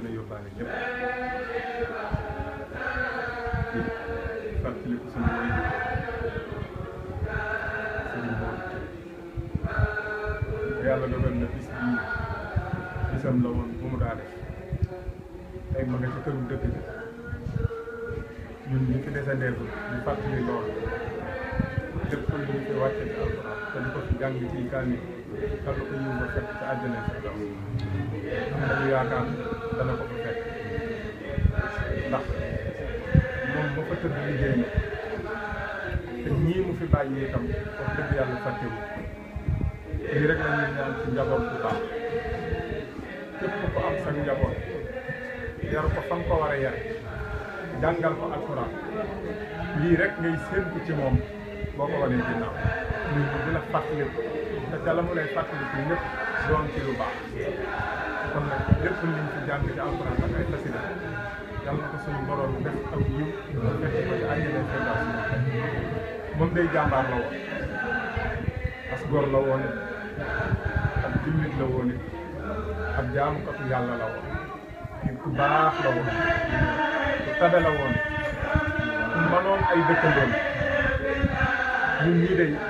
dana yóbbaale ñëpp di fàttaliku suñu way suñu moom yàlla dogal na bis bii bisam la woon bu mu daa def tey ma nga ci dëkk bi ñun ñi fi desandeeku ñu fàttali lool lépp lu ñu fi wàcce ci alxuraan te di ko fi jàng ci kaamil yàlla ko ñëw ba fekk ci àjjana sa doom am nañu yaakaar dana ko fa fekk ndax moom ba fa tëdd liggéey na te ñii mu fi bàyyi itam wax dëgg yàlla am sa njaboot yar ko fan ko war a yar jàngal ko alxuraan lii rek ngay séentu ci moom boo ko wanee ginnaaw ñu ko gën a fàttali te dala mu lay fàttali ci ñëpp doon ci lu baax kon nag lépp liñ ci jàng ci alxuraan ak ay xasida yàlla na ko suñu borom def ak yiw fexe ko ci àjjana fendaasi moom day jàmbaar la woon as góor la woon ak jullit la woon it ak jaamukatu yàlla la woon nit ku baax la ku tabe la woon ku mënoon ay dëkkandoon ñun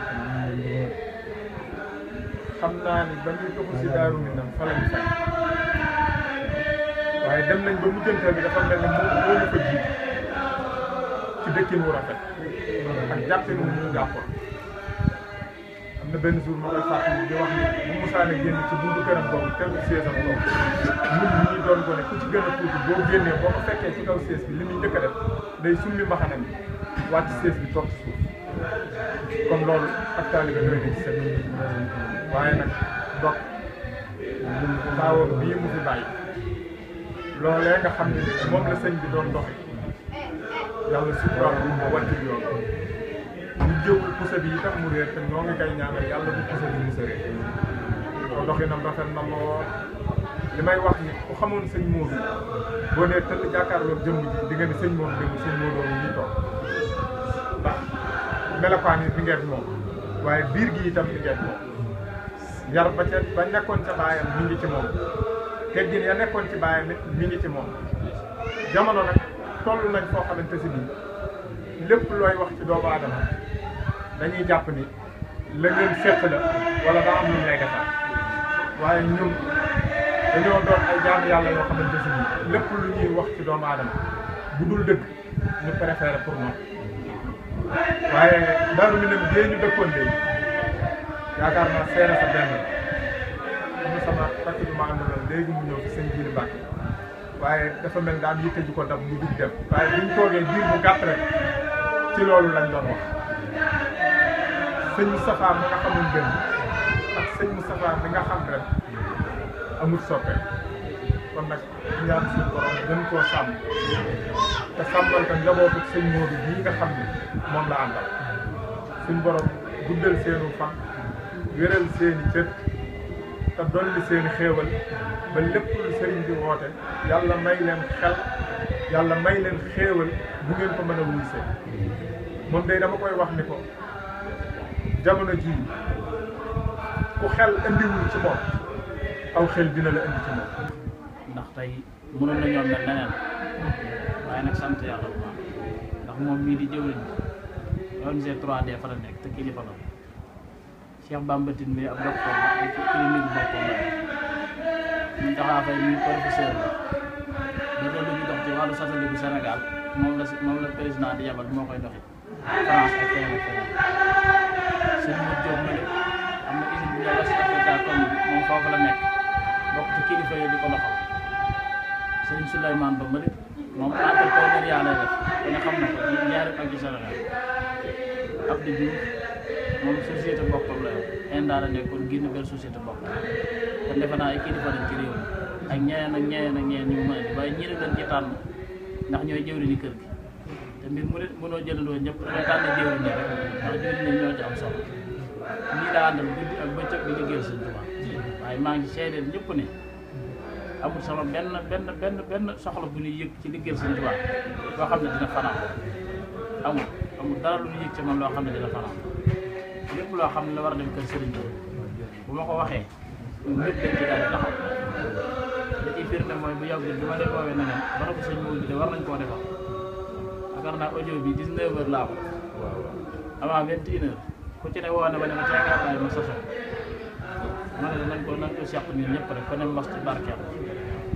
xam naa ni ba ñuy toxu si daaru mi nam fa lañu fay waaye dem nañ ba mujjantal bi dafa mel ne moom ko ji ci dëkkin wu rafet ak jàppee nu ñu jàppoon am na benn jour ma koy fàttali di wax ni mu musaane génn ci buntu këram boobu tegu seesam boobu ñun ñi ñu doon ko ne ku ci gën a tuuti boo génnee boo fekkee ci kaw sees bi li muy njëkk a def day summi mbaxanam bi wàcc sees bi toog ci suuf loolu ak taalibe doy na ci seen waaye nag dog saawam bii mu fi bàyyi loolee nga xam ne moom la sëñ bi doon doxe yàlla suturaal bu mu wàcc yoon ñu jëw pusa bi itam mu réer te noo ngi koy ñaanal yàlla bu pusa bi mu sa réer ko doxinam rafet na lool li may wax ni ku xamoon sëñ Moodu boo dee tëll jàkkaarloo jëmm ji di nga ni sëñ Moodu dem sëñ Moodu ñu ngi toog ndax melokaan yi bi moom waaye biir gi itam bi moom yar ba ca ba nekkoon ca baayam mi ngi ci moom teggin ya nekkoon ci baayam it mi ngi ci moom jamono nag toll nañ foo xamante si bii lépp looy wax ci doomu dañuy jàpp ni la ngeen lu waaye ñun dañoo doon lépp lu ñuy wax ci doomu aadama bu dul dëgg ñu préféré pour moom waaye daru mi nag dee ñu dëkkoon léegi yaakaar naa seere sa benn am na sama rakk bi ma àndaloon léegi mu ñëw si sëñ Jiili Mbàkke waaye dafa mel daan yitte ji ko dab mu jug dem waaye bi ñu toogee bu gàtt rek ci loolu lañ doon wax sëñ Moustapha mi nga nga xam rek amul soppe kon nag ñaan suñu borom gën koo sàmm te sàmmal ko njabootu sëñ Moodu bii nga xam la àndal suñu borom seenu fan wéral seeni cër te dolli seeni xéewal ba lépp lu sëriñ bi woote yàlla may leen xel yàlla may leen xéewal bu ngeen ko mën a wulsee moom dama koy wax ni ko jamono jii ku xel indiwul ci moom aw xel dina la indi ci moom ndax tey mënoon na ñoom mel leneen waaye nag sant yàlla bu baax ndax moom mii di jëwriñ ONG 3D fa la nekk te kilifa la Cheikh Bamba Tine bi ab la ay clinique boppam la ñu taxaa fay ñu la da loolu ñu dox ci wàllu la moom la président di yabal moo koy doxi France ak feneen feneen sëñ Mor Diop ma ne am na usine bu ñëw Africa la nekk bokk ci kilifa yi di ko doxal sëñ Ba ma moom entrepreneuriat la def dana xam na ko ñaari ak ci moom société boppam la indaa la nekkoon génn benn société boppam kon defe naa ay kilifa lañ ci réew ak ñeneen ak ñeneen ak ñeneen ñu mën a waaye ñii dañ ci tànn ndax ñooy jëwriñu kër gi te mbir mu ne mënoo jëlandoo ñëpp dangay tànn jëwriñ ñi rek ndax jëwriñ ñi ñoo ci am solo ñii daa àndal guddi ak bëccëg bi liggéeyal seen tubaab waaye maa ngi seedeel ñëpp ne amul sama benn benn benn soxla bu ñuy yëg ci liggéeyal seen tubaab loo xam ne dina fanaan amul amul dara lu loo xam ne dina lépp loo xam ne la war nañ kër sëriñ bi bu ma ko waxee lépp dañ ci daal di taxaw li na leen bi de war nañ koo defal yaakaar naa audio bi laa ko avant 21 heures ku ci ne woo ne ba ne ma ci yaakaar ma soso ma ne nañ ko nañ ko seq ñëpp rek ko ne mos ci barkeel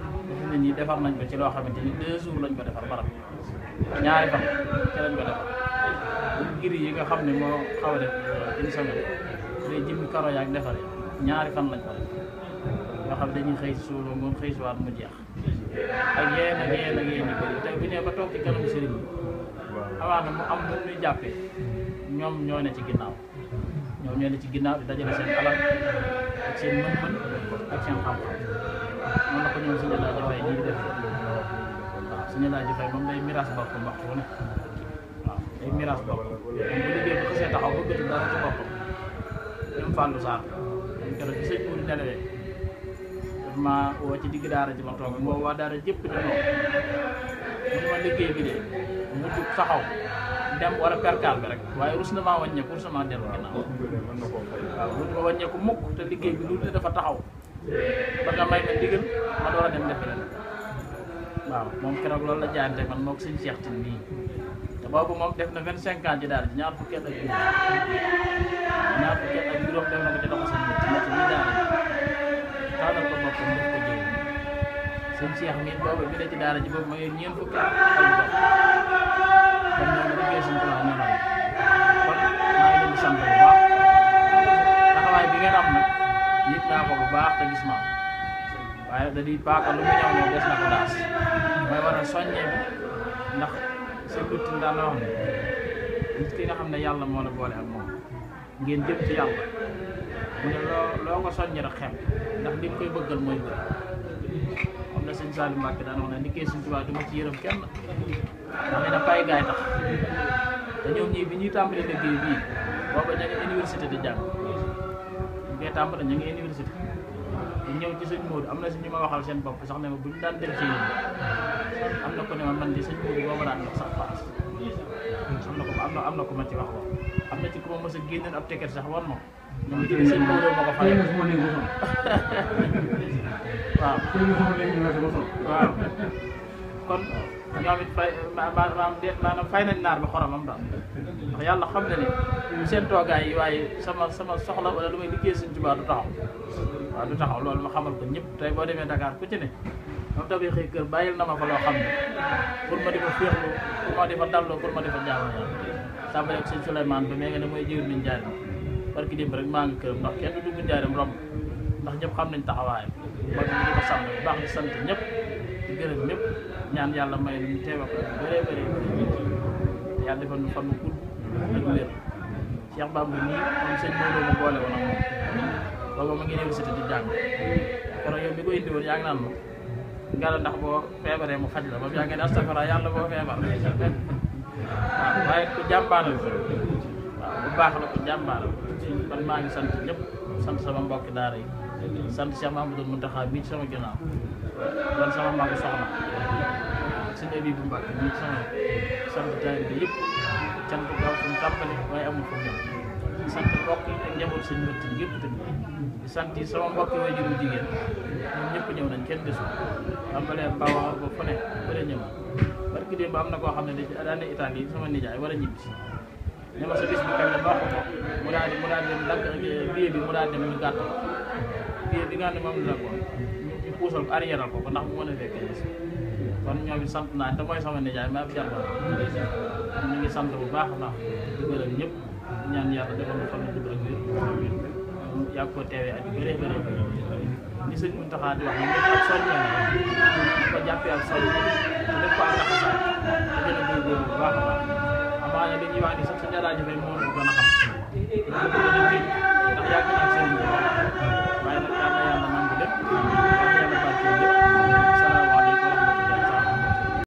dafa nit ñi defar nañ ko ci loo xamante ni deux jours lañ ko defar barab ñaari fan ci lañ ko defar giri yi nga xam ne moo xaw a def une euh, semaine day jëm ñaari fan lañ ko nga xam dañuy xëy si suur moom xëy si mu jeex ak yéen ak yéen ak yéen ñu bëri tey bu nee ba toog ci kanamu sëriñ bi awaana mu am lu ñuy jàppee ñoom ñoo ne ci ginnaaw ñoom ñoo ne ci ginnaaw di dajale seen alal ak seen mën-mën ak seen xam-xam mën na ko ñoom suñu laaj fay ñi def waaw suñu laaj fay moom day miraas boppam waxtu wu ne day miraas bu liggéey ci bi sëñ bi di dalalee daf digg daara ji ma toog moo waa daara jëpp di bi de taxaw dem war a bi rek waaye rus na maa wàññeeku dafa taxaw ba nga may ma ndigal ma door a dem defe waaw moom keroog loolu la jaante man moo ko sëñ Cheikh Tine nii te moom def na vingt cinq ans ci daara ji ñaar fukki at di juróom ñaar def na ko ci loxo sëñ bi ndax ñi daara tànnal ko def ko jël sëñ Cheikh mii ma ngi ñeent fukki at ak juróom kon ñoom liggéey suñ ko noonu la kon maa ngi leen di baax taxawaay bi ngeen am nag yëg naa ko bu baax te gis naa di paaka na ko daas mooy a soññee Poutine daan na wax ne nit ki nga xam ne yàlla moo la boole ak moom ngeen jëm ci yàlla mu ne loo loo ko soññ rek xem ndax li koy bëggal mooy wër am na sëñ Saliou Mbacke daan wax ne liggéey sëñ Tuubaa duma ci yërëm kenn ndax nee na pay gaay tax te ñii bi ñuy tàmbali liggéey bii booba ña ngi université di jàng ñu koy tàmbali ña ngi université ñëw ci sëñ Modou am na si ñu ma waxal seen bopp sax ne ma bu ñu daan dem ci am na ko ne ma man di sëñ Modou boo ma daan wax paas am na ko am na ko ma ci wax woon am na ci ku ma mos a génneel ab ticket sax wan ma ko ma jël sëñ Modou ma ko fayal waaw waaw kon ñoom it fay maanaam déet maanaam fay nañ naar bi xoromam daal ndax yàlla xam na ne seen toogaay yi waaye sama sama soxla wala lu may liggéey Sëñ Tuubaa du taxaw waaw du taxaw loolu ma xamal ko ñëpp tey boo demee Dakar ku ci ne moom tamit xëy kër bàyyil na ma fa loo xam ne pour ma di fa féexlu pour ma ma di fa jaamu yàlla tàmbale ak sëñ Souleymane ba mee nga ne mooy jiwir mi njaarim barki démb rek maa ngi këram ndax kenn du dugg njaarim romb ndax ñëpp xam nañ taxawaay kon ñu di ko baax di sant ñëpp di gërëm ñëpp ñaan yàlla may lu ñu teewe ko bëree bëree bëri mu boole woon ak moom booba mu ngi université ko indi woon yaa ngi naan ma ngara ndax boo feebaree mu faj la ba yaa ngi ne astafara yàlla boo feebar waaw waaye ku jàmbaar la waaw bu baax la ku jàmbaar la kon maa ngi sant ñëpp sant sama mbokki daara yi sant Cheikh Mamadou Mountakha bii ci sama ginnaaw man sama mbokku soxna sëñ Abibu Mbàkke ñu ngi sant sant taalibe bi yëpp sant gaaw fu mu tàmbali waaye amul fu ñëw di sant mbokk yi ak njaboot sëñ yëpp tamit di sant mbokk yi waajuru jigéen ñëw nañ kenn desul tàmbalee Bawaa ba fu ne am na koo xam ne da daan ne Italie yi sama nijaay war a ñibbi si ne ma sa bis bi kañ la baaxul ko mu daal di mu daal dem mu gàttal billet bi nga xam ne moom la ko ñu ko arrière ko ndax bu mën a fekkee kon ñoom it sant naa te mooy sama nijaay ma ab jarba ñu ngi sant bu baax a baax di gërëm ñëpp ñaan na fan na dugg ak wér yàgg ko teewee at yu bëree bëri ni sëñ Muntaxa di wax ne ñëpp ak soññee ko jàppee ak soññee te ko ak laxasaay te gën a góorgóorlu bu baax a baax amaana moom